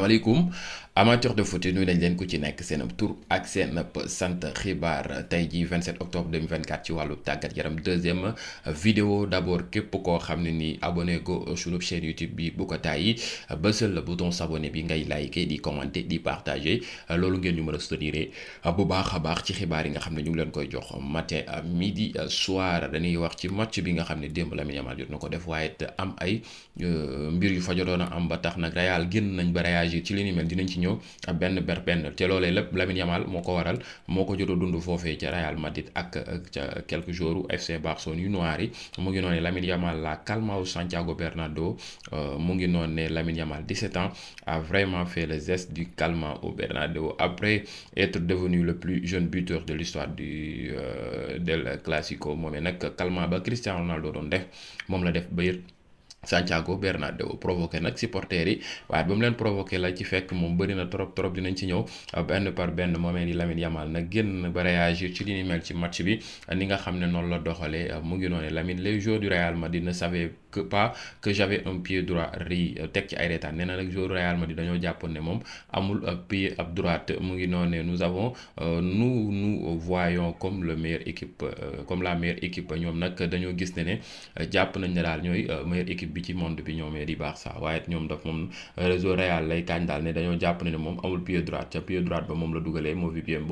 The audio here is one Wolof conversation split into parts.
waaleykum amateur de foot nuyu dañ leen ku ci nekk seen tur ak seen sant xibaar tey jii 27 octobre 2024 ci wàllu tàggat yaram deuxième vidéo d' abord képp koo xam ne ni abonné go sunu chaîne YouTube bi bu ko tàyyi bësal bouton s'abonner bi ngay liker di commenter di partager loolu ngeen ñu mën a soutenir bu baax a baax ci xibaar yi nga xam ne ñu ngi leen koy jox matin midi soir dañuy wax ci match bi nga xam ne démb Lamine Yamal jot na ko def waaye it am ay euh, mbir yu fa jotoon a am ba tax nag Real génn nañ ba réagir ci li ni dinañ ci ñëw benn ber benn te loolee lépp Lamine Yamal moo ko waral moo ko jot a dund foofee ca Real Madrid ak ca quelques u FC Barcelone yu noir yi mu ngi noonu lamin Yamal la Calmao Santiago Bernabéu euh, mu ngi noonu ne Lamine Yamal 17 ans a vraiment fait le geste du Calmao au Bernabéu après être devenu le plus jeune buteur de l'histoire du euh, del Clasico moomee nag Calmao ba Cristiano Ronaldo doon def moom la def ba Santiago Bernabéu provoqué nag supporters yi waaye ba mu leen provoqué la ci fekk moom bëri na trop trop dinañ ci ñëw benn par benn moomee di Lamine Yamal nag génn ba réagir ci li ni mel ci match bi ni nga xam ne noonu la doxalee mu ngi noonu Lamine les joueurs du Real Madrid ne savaient que pas teg ci ay nee na nag joueurs Real Madrid dañoo jàppoon ne moom amul pied ab droite mu ngi noonu ne nous avons euh, nous nous comme le meilleure équipe euh, comme la meilleure équipe ñoom nag dañoo gis ne ne jàpp nañ ne daal ñooy euh, meilleure équipe. bi ci monde bi ñoomee di baax sax waaye ñoom daf moom réseau Real lay kaañ daal ne dañoo jàpp ne ne moom amul pied droit ca pied droit ba moom la dugalee moo fi biyam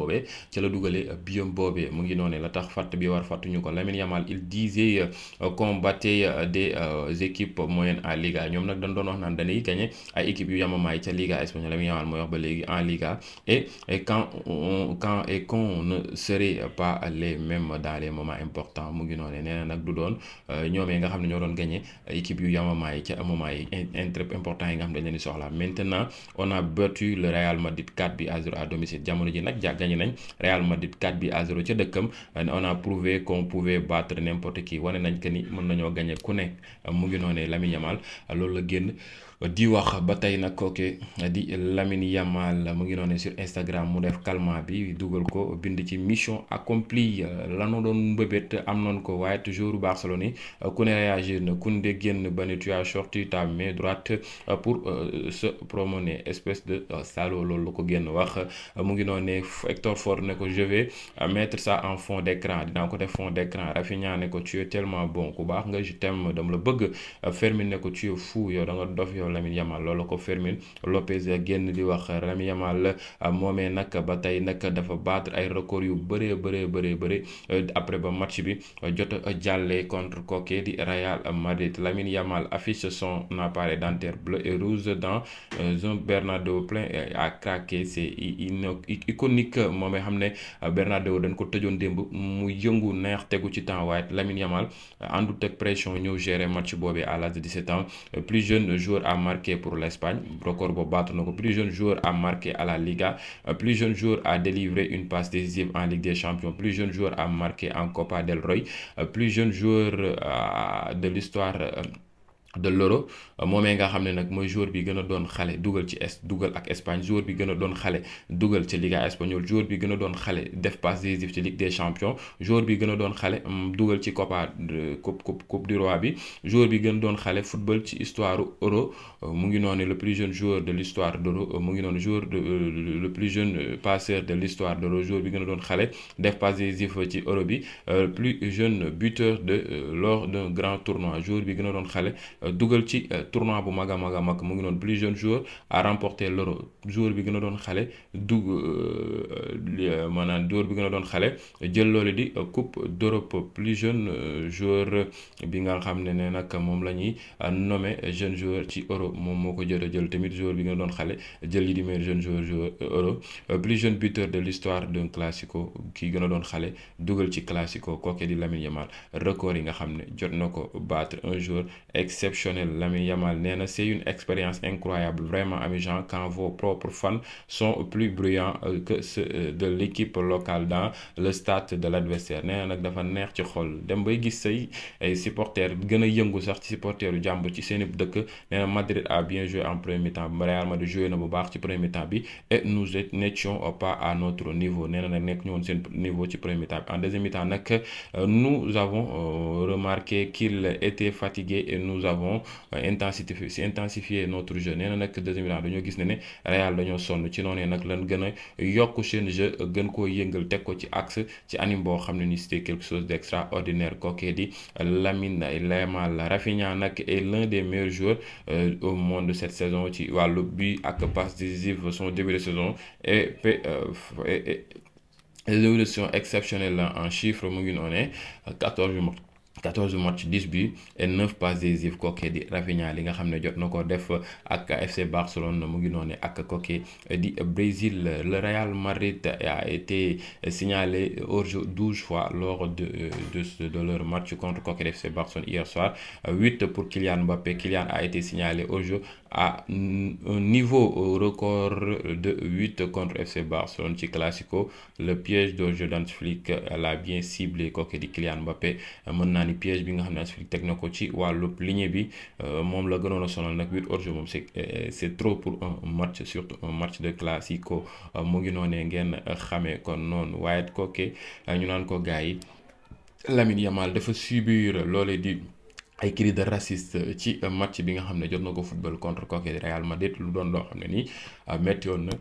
ca la dugalee biyam boobee mu ngi noonee la tax fatt bi war fàttuñu ko Lamine Yamal il disait euh, combattre euh, des euh, équipes moyennes en Liga ñoom nag dañ doon wax naan dañuy gagné ay équipes yu yamamaay ca Liga espagnole Lamine Yamal mooy wax ba léegi en Liga et quand ne serait pas les mu ngi noonee nee na nag du doon ñoomee nga yu yamamaay yi ca moment yi important yi nga xam dañ leen soxla maintenant on a battu le Real Madrid 4 bi à 0 domicile jamono ji nag gagné nañ Real Madrid 4 bi à 0 ca dëkkam on a prouvé qu'on pouvait n'importe qui wane nañ que ni mën nañoo gagné ku nekk mu ngi noonee Lamine loolu la génn di wax ba tey nag kooke di Lamine Yamal mu ngi noonu sur Instagram mu def calmant bi dugal ko bind ci mission accomplie lanu doon mbëbét am nañ ko waaye toujours Barcelone baax ku ne réagir na génn ba ne tu as sorti ta main droite pour euh, se de euh, salaud loolu lu ko génn wax mu ngi noonu ne Hector Fort ne ko je euh, metre sa ça en fond d'écran dinaa ko def fond d'écran Rafinha ne ko tu es bon ku baax nga je t'aime dama la bëgg Fermin ne ko tu fou yow da dof yow Lamine Yamal loolu ko Fermin Lopez génn di wax Lamine Yamal moomee nag ba tey nag dafa battre ay record yu bëree bëree bëree bëri euh, après ba match bi jot a jàllee contre kooke di Real Madrid Lamine Yamal affiche son appareil dentaire bleu et rouge dans euh, un Bernabéu plein à craquer c'est iconique moomee xam ne Bernabéu dañ ko tëjoon démb mu yëngu neex tegu ci temps waaye Lamine Yamal àndut ak pression ñëw gérer match boobee à l'âge de 17 ans plus marqué pour l'Espagne record boobu baatu na ko plus jeune joueur à marqué à la Liga euh, plus jeune joueur à délivré une passe décisive en Ligue des Champions plus jeune joueur à marqué en Copa del Rey euh, plus jeune joueur euh, de l'histoire de l'euro euh, moomee nga xam ne nag mooy joueur bi gën a doon xale dugal ci es dugal ak Espagne joueur bi gën a doon xale dugal ci Liga espagnole joueur bi gën a doon xale def passe décisive ci Ligue des champions joueur bi gën a doon xale mm, dugal ci Copa coupe coupe coupe du roi bi joueur bi gën a doon xale football ci histoire euro euh, mu ngi noonu le plus jeune joueur de l'histoire d'euro euh, mu ngi noonu joueur de le plus jeune passeur de l'histoire d'euro joueur bi gën a doon xale def passe décisive ci euro bi plus jeune buteur de lors d'un grand tournoi joueur bi gën a doon xale Euh, dugal ci euh, tournoi bu mag a mag a mag mu ngi noonu plus jeune joueur à remporter loro jour bi gën a doon xale dug euh, maanaam dóor bi gën a doon xale jël loolu di coupe d'Europe plus jeune jour bi nga xam ne ne nag moom la ñuy nommé jeune joueur ci Euro moom moo ko jot a jël tamit jour bi gën a doon xale jël li di meilleur jeune joueur joueur Euro plus jeune buteur de l'histoire d'un classico kii gën a doon xale dugal ci classico kooke di Lamine Yamal record yi nga xam ne jot na ko battre un exceptionnel Lamine Yamal nee na c'est une expérience incroyable euh, euh, de l'équipe locale dans le stade de l'adversaire nee na nag dafa neex ci xol dem bay gis say ay supporters a yëngu sax ci supporters jàmbur ci seen dëkk nee na Madrid a bien joué en premier temps bu baax ci premier temps bi et nous n'étions pas a notre niveau nee nag nekk ñu seen niveau ci premier temps nag euh, nous avons remarqué qu'il était fatigué et bon intensifié si intensifier notre jeu nee na nag deuxième mi dañoo gis ne ne Real dañoo sonn ci noonee nag lan gën a yokk seen jeu gën koo yëngal teg ko ci axe ci anime boo xam ne ni c'était quelque chose d'extraordinaire kookee di Lamine Yamal Rafinha nag est l'un des meilleurs joueurs au monde de cette saison ci wàllu bi ak passe décisive son début de saison et et évolution exceptionnelle en chiffres mu ngi noonee 14 mois 14 match 10 buts et 9 passes décisives di Rafinha li nga xam ne jot na ko def ak FC Barcelone mu ngi noonu ak kooke di Brésil la Real Madrid a été signalé hors fois lors de de de leur match contre kooke di FC Barcelone hier soir pour Kylian Mbappé Kylian a été signalé hors à un niveau record de 8 contre FC Barcelone ci Classico le piège de jeu d'Hansi l'a bien ciblé kooku di Kylian Mbappé mën naa ni piège bi nga xam ne Hansi teg na ko ci wàllu ligne bi euh, moom la gënoon a sonal nag 8 hors-jeu moom c'est euh, c'est trop pour un match surtout un match de Classico euh, mu ngi noonee ngeen xamee kon noonu waaye kooku ñu naan ko gars yi Lamine Yamal dafa subir loolee di. ay cri de raciste ci euh, match bi nga xam ne jot na ko football contre kooku Real Madrid lu doon loo xam ne nii euh, métti woon na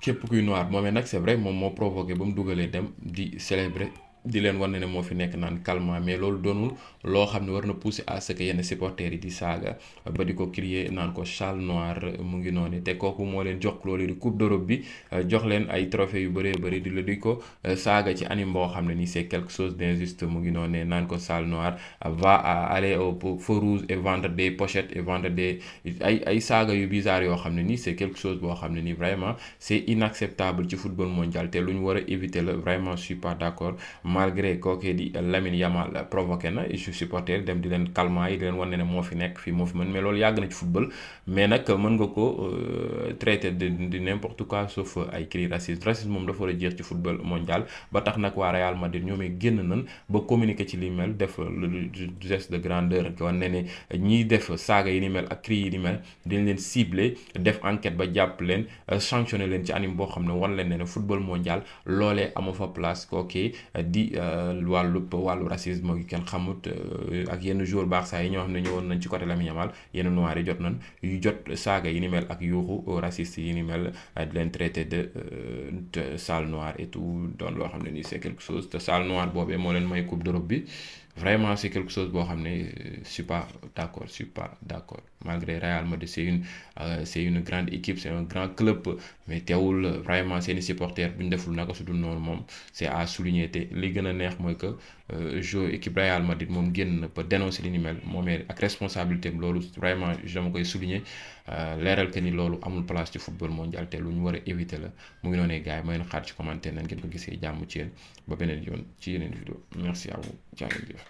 képp kuy noir moomee nag c'est vrai moom moo provoqué ba mu dugalee dem di célébrer. di leen war na ne moo fi nekk naan calmant mais loolu doonul loo xam ne war na pousser à que yenn supporters yi di saaga ba di ko crier naan ko châle noir mu ngi noonu te kooku moo leen jox loolu di coupe d'Europe bi euh, jox leen ay trophées yu bëree bëri di la di ko euh, saaga ci anime boo xam ne nii c'est quelque chose d'injuste mu ngi noonu naan ko châle noir va à aller au feu rouge et vendre des et vendre ay ay saaga yu bizarre yoo xam ne nii c'est quelque chose boo xam ne nii vraiment c'est inacceptable ci football mondial te lu ñu war a éviter la vraiment je suis pas d'accord malgré kookee di Lamine Yamal provoqué na issue supporter dem di leen calmant yi leen wan ne ne moo fi nekk fii moo fi mën mais loolu yàgg na ci football mais nag nga ko euh, traité de de n'importe quoi sauf ay cri racisme racisme moom dafa war a jeex ci football mondial ba tax nag waa Real Madrid ñoomee génn nan ba communiqué ci li mel def geste de grandeur wan ne ne ñiy def saaga yi ni mel ak cri yi ni mel dañ leen ciblé def enquête ba jàpp leen sanctionné leen ci anime boo xam ne wan leen ne ne football mondial loolee amoo fa place kookee euh, ci euh, wàllu wàllu racisme gi kenn xamut euh, ak yenn jour baax saa yi ñoo xam ne ñëwoon nañ ci côté Lamine Yamal yenn noir yi jot nañ yu jot saaga yi ni mel ak yuuxu raciste yi ni mel euh, di leen traité de sale noir et tout doon loo xam ne nii c'est quelque chose te sale noir boobee moo leen may coupe d'Europe bi vraiment c'est quelque chose boo xam ne euh, je suis pas d'accord je suis pas d'accord malgré Real Madrid c'est une euh, grande équipe c'est un grand club mais teewul vraiment seeni supporters bu ñu deful naka su dul noonu moom c'est à souligner te li gën a neex mooy que euh, joueur équipe Real Madrid moom génn na ba dénoncer li ni mel moomee ak responsabilité loolu vraiment dama koy souligner leeral que ni loolu amul place ci football mondial te lu ñu war a éviter la mu ngi noonee gars yi ma leen xaar ci ngeen ko gisee jàmm ci yéen yoon ci yeneen vidéo